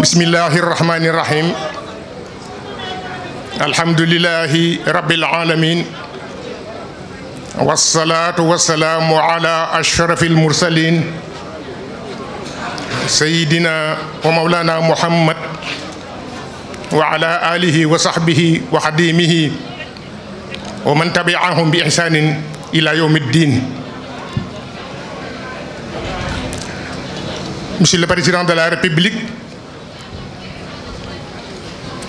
bismillahi rahmani rahim alhamdulilahi rabbil alamin wasalaatu wasalaamu ala ashrafi almursalin sayidina wa maulana muhammad wa ala alihi wa sahbihi wa xadimihi wa man tabiahum bi ihsanin ila yawmi ddin monsieur le président de la république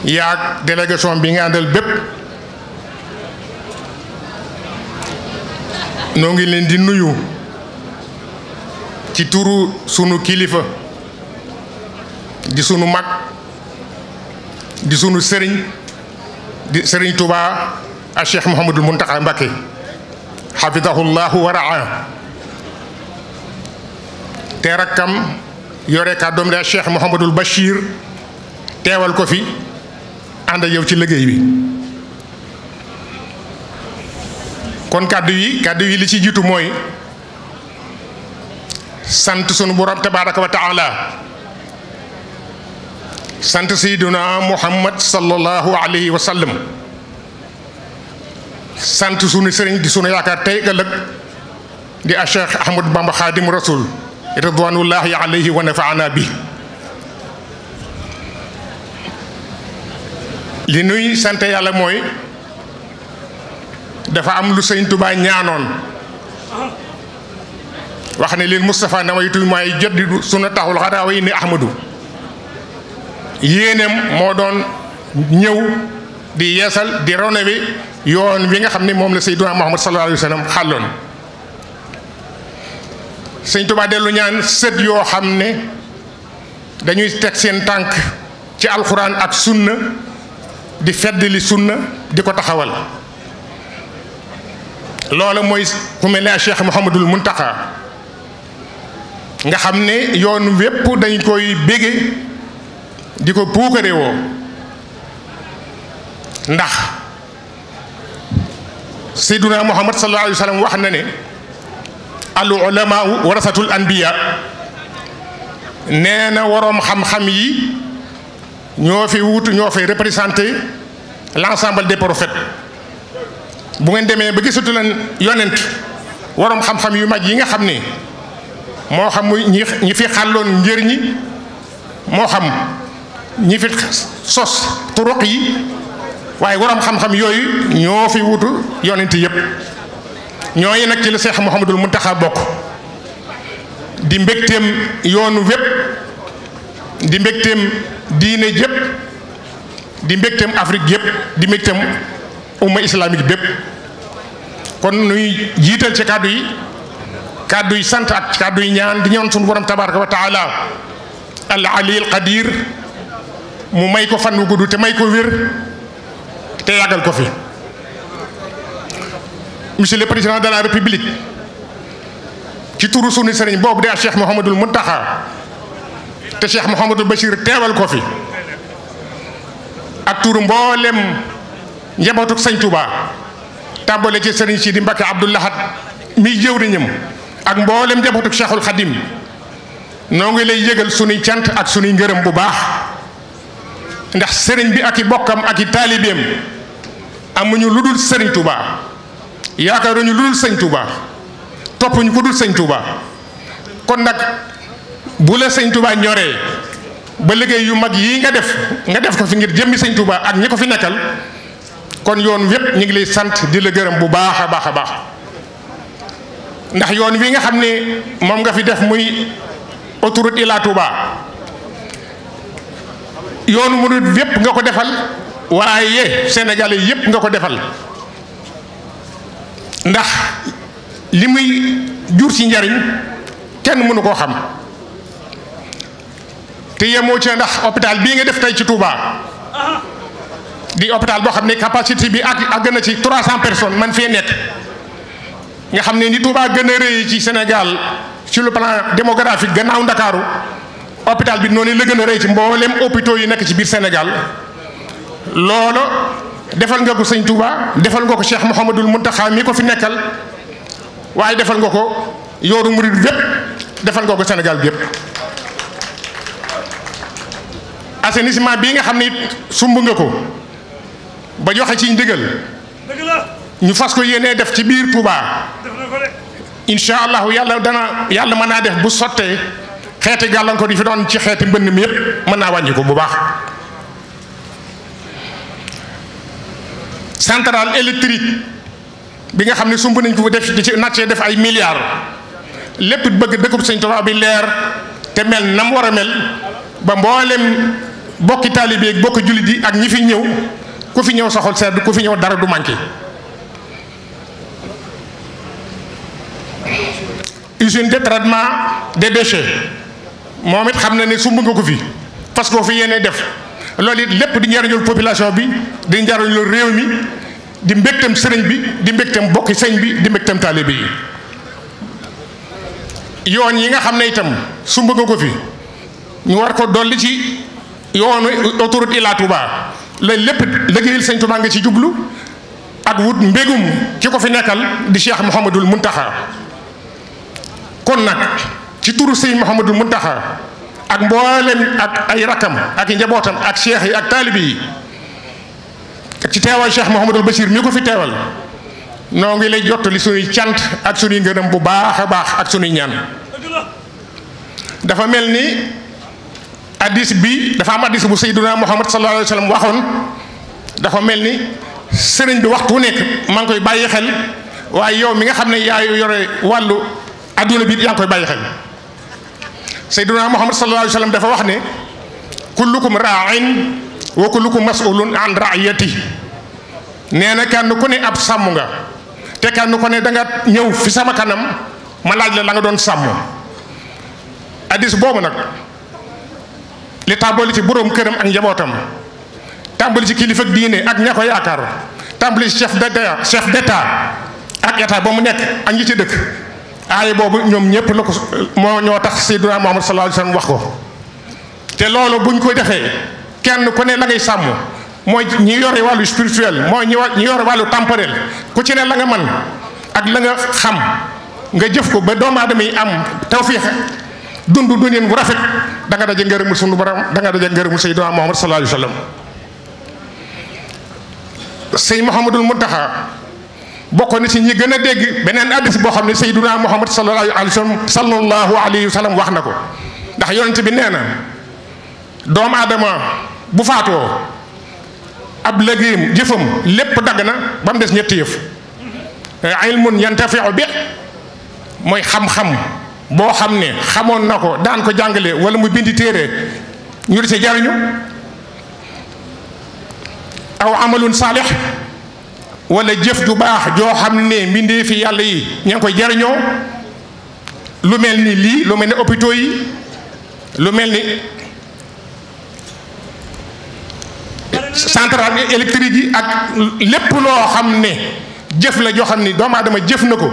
yaag délégation bi nga àndal bépp noo ngi leen di nuyu ci turu sunu kilifa di sunu mag di sunu sëriñ di sëriñ Touba a Cheikh Mouhamadul Mountakha Mbacké xafidahullahu wa raa te rakkam yore kàddoom de Cheikh Mouhamadul Bachir teewal ko fi ànd ak yow ci liggéey bi kon kàddu yi kàddu yi li ci jiitu mooy sant sunu borom tabaaraka wa taala sant sayyiduna muhammad sallallahu alayhi wa sallam sant sunu sëriñ di sunu yaakaar tey ëllëg di a cheikh ahmad bamba xaadim rasul ridwanullahi alayhi wa nafaana bi li nuy sant yàlla mooy dafa am lu sëñ Tuubaa ñaanoon wax ne lil Moustapha nawaytu maay jot suna taxul xadaa way ni Ahmadu yéeneem moo doon ñëw di yeesal di ronewi yoon wi nga xam ne moom la Seydina Muhammad sallallahu alayhi wa sallam xàlloon sëñ Tuubaa dellu ñaan sët yoo xam ne dañuy teg seen tànk ci alxuraan ak sunna di fedd li sunna di ko taxawal loola mooy ku mel ne Cheikh Mouhamadul nga xam ne yoon wépp dañ koy bége di ko puukare woo ndax seyduna muhammad sallallahu alayhi wa sallam wax na ne al ulamaau warasatul anbiya nee na waroom xam-xam yi ñoo fi wuutu ñoo fi représenté l'ensemble de prophètes bu ngeen demee ba gisatu leen yonent waroom xam-xam yu mag yi nga xam ne moo xam muy ñi ñi fi xàlloon njër ñi moo xam ñi fi sos turuq yi waaye waroom xam-xam yooyu ñoo fi wuutu yonent yépp ñooyu nag ci la Seex Muhammadul Muntaxa bokk di mbégteem yoonu wépp di mbégteem diine jëpp di mbégteem Afrique yëpp di mbégteem umma islamique bépp kon nuy jiital ci kàddu yi kàddu yi sant ak kàddu yi ñaan di ñaan sunu borom tabaraka wa taala al aliyil mu may ko fan wu gudd te may ko wér te yàggal ko fi monsieur le président de la république ci turu sunu sëriñ boobu de Cheikh Mouhamadul Muntaxa te Cheikh Mouhamadou Bachir teewal ko fi ak turu mboolem njabootuk Sëñ Touba tàmbale ci sëriñ si di Mbacke Abdoul Ahad mi jëwriñam ak mboolem njabootuk Cheikhul Khadim noo ngi lay yëgal sunuy cant ak sunuy ngërëm bu baax ndax sëriñ bi ak i bokkam ak i taalibeem amuñu lu dul sëriñ Touba yaakaaruñu lu dul sëñ Touba toppuñu ko dul sëñ Touba kon nag. bu la sëñ Touba ñoree ba liggéey yu mag yii nga def nga def ko fi ngir jëmmi sëñ Touba ak ñi ko fi nekkal kon yoon wépp ñu ngi lay sant di la gërëm bu baax a baax a baax ndax yoon wi nga xam ne moom nga fi def muy autoroute Ila Touba yoonu murid yépp nga ko defal waaye Sénégalais yépp nga ko defal ndax li muy jur ci njariñ kenn mënu koo xam te yemoo ci ndax hôpital bii nga def tey ci Touba di hôpital boo xam ne capacité bi ak àgg na ci 300 personnes man fee nekk nga xam ne ni Touba gën a rëy ci Sénégal ci le plan démographique gannaaw Ndakaaru hôpital bi noonu la gën a rëy ci mboolem hôpitaux yi nekk ci biir Sénégal loolu defal nga ko sëñ Touba defal nga ko Cheikh Mouhamadul Mountakha mi ko fi nekkal waaye defal nga ko yooru murid yépp defal nga ko Sénégal bi yépp assainissement bii nga xam ne it sumb nga ko ba joxe ci ndigal ñu fas ko yéenee def ci biir Touba incha allah yàlla dana yàlla mën naa def bu sottee xeeti gàllankoor yi fi doon ci xeeti mbënn mi yépp mën naa wàññi ko bu baax. centrale électrique bi nga xam ne sumb nañ ko def di ci naccee def ay milliards lépp bëgg dëkkub Sëñ Touba bi leer te mel nam war a mel ba mboolem. bokki taalibe yi bokki jullit yi ak ñi fi ñëw ku fi ñëw sa xol sedd ku fi ñëw dara du manqué usine de traitement des déchets moom it xam na ne sumb nga ko fi parce que fi yéene def loolu it lépp di njariñul population bi di njariñul réew mi di mbégtam sëriñ bi di mbégtam bokki sëñ bi di mbégtam taalibe yi yoon yi nga xam ne itam sumb nga ko fi ñu war ko dolli ci yoonu autoroute Ila Touba la lépp liggéeyal sëñ Touba nga ci jublu ak wut mbégum ci ko fi nekkal di Cheikh Mouhamadul Muntaxa kon nag ci turu sëñ Mouhamadul Muntaxa ak mboolem ak ay rakkam ak i njabootam ak cheikh yi ak taalibe yi ci teewal Cheikh Mouhamadul Bachir mi ko fi teewal noo ngi lay jottali sunuy cant ak sunuy ngërëm bu baax a baax ak sunuy ñaan dafa mel ni addis bi dafa am addis bu sayyiduna Muhammad sallallahu alayhi wa sallam waxoon dafa mel ni sëriñ bi waxtu nekk maa ngi koy bàyyi xel waaye yow mi nga xam ne yaa yore wàllu adduna bi yaa ngi koy bàyyi xel sayyiduna Muhammad sallallahu alayhi wa dafa wax ne kullukum ra'in wa kullukum mas'ulun an ra'iyati nee na kenn ku ne ab sàmm nga te kenn ku ne danga nga ñëw fi sama kanam ma laaj la la nga doon sàmm addis boobu nag li tàmbali ci boroom këram ak njabootam tàmbali ci kilifa diine ak ña ko yaakaar tàmbali ci chef d'état chef d'état ak état ba mu nekk ak ñi ci dëkk aaya boobu ñoom ñëpp la ko moo ñoo tax Seydina Muhammad sallallahu alayhi wasallam wax ko te loolu buñ ko defee kenn ku ne la ngay sàmm mooy ñi yore wàllu spirituel mooy ñi ñi yore wàllu temporel ku ci ne la nga man ak la nga xam nga jëf ko ba doomu aadama yi am tawfiix dund dundin bu rafet da nga daje ngërëmul sunu borom da nga daje ngërëmul Seydina Muhammad sallallahu alayhi wa sallam sëy Muhammadul Muntaxa bokkoon na ci ñi gën a dégg beneen addis boo xam ne Seydina Muhammad sallallahu alayhi wa sallam sallallahu alayhi wa sallam wax na ko ndax yonent bi nee na doomu aadama bu faatoo ab lëgéeyam jëfam lépp dagg na ba mu des ñetti yëf ilmun yantafiu bi mooy xam-xam boo xam ne xamoon na ko daan ko jàngale wala mu bindi téere ñu di ci jariñu aw amalun saalix wala jëf ju baax joo xam ne mbindee fi yàlla yi ña ngi koy jariñoo lu mel ni lii lu mel ni hôpitaux yi lu mel ni centrale électrique yi ak lépp loo xam ne jëf la joo xam ni doomu aadama jëf na ko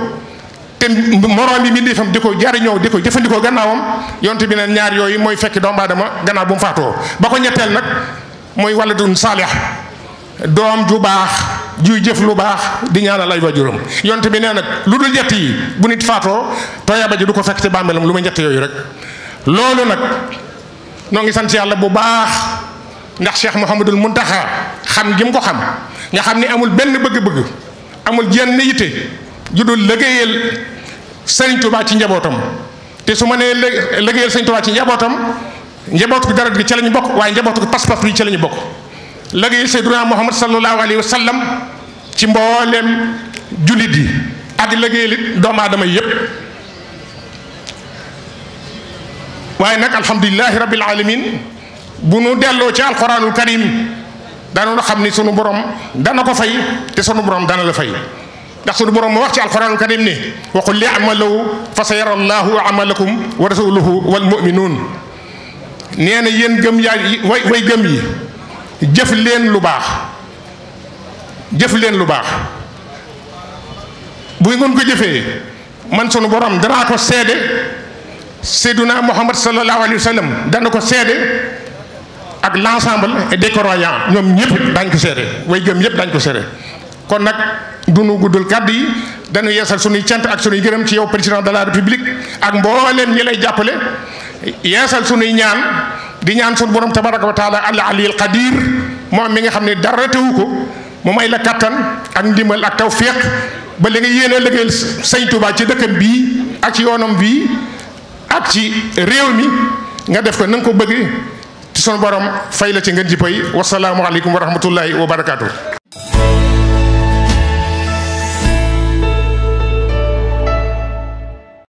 te moroom yi mi defam di ko jariñoo di ko jëfandikoo gannaawam yonte bi neen ñaar yooyu mooy fekki doomu aadama gannaaw bu mu faatoo ba ko ñetteel nag mooy waladun saalih doom ju baax juy jëf lu baax di ñaanal ay waajuram yonte bi nee nag lu dul ñett yi bu nit faatoo tooyaba ji du ko fekk ci bàmmeelam lu ma ñett yooyu rek loolu nag noo ngi sant yàlla bu baax ndax Cheikh Mouhamadul Muntaxa xam gi mu ko xam nga xam ni amul benn bëgg-bëgg amul jenn ju dul liggéeyal sëriñ Tuubaa ci njabootam te su ma nee liggéeyal sëriñ Tuubaa ci njabootam njaboot gu deret gi ca la ñu bokk waaye njaboot gu pas-pas bi ca la ñu bokk liggéeyal Seydunaa Muhammad sallallahu alayhi wa sallam ci mbooleem jullit yi ak liggéeyal doomu aadama yi yëpp waaye nag alhamdulilahi rabbil alamin bu nu delloo ci alquranul karim danoon xam ni sunu borom dana ko fay te sunu borom dana la fay ndax suñu borom moo wax ci alquran karim ni wa qul li amalu fa sa yara allahu amalakum wa rasuluhu wal muminuun nee na yéen gëm yaa way way gëm yi jëf leen lu baax jëf leen lu baax bu ngeen ko jëfee man sunu borom danaa ko seede seyduna muhammad sallallahu alayhi wa sallam dana ko seede ak l' ensemble des ñoom ñëpp daañ ko seede way gëm yëpp daañ ko seede kon nag dunu guddul kàddu yi dañu yeesal suñuy cant ak suñuy gërëm ci yow président de la république ak mbooleem ñi lay jàppale yeesal suñuy ñaan di ñaan suñu borom tabaraka wa taala al aliyil qadir moom mi nga xam ne dara tewu ko mu may la kattan ak ndimbal ak tawfiq ba li nga yéene liggéeyal sëñ ci dëkkam bii ak ci yoonam bii ak ci réew mi nga def ko na ko bëgg ci sunu borom fay la ci ngeen ji pay wasalaamualeykum wa rahmatullahi wa barakaatu.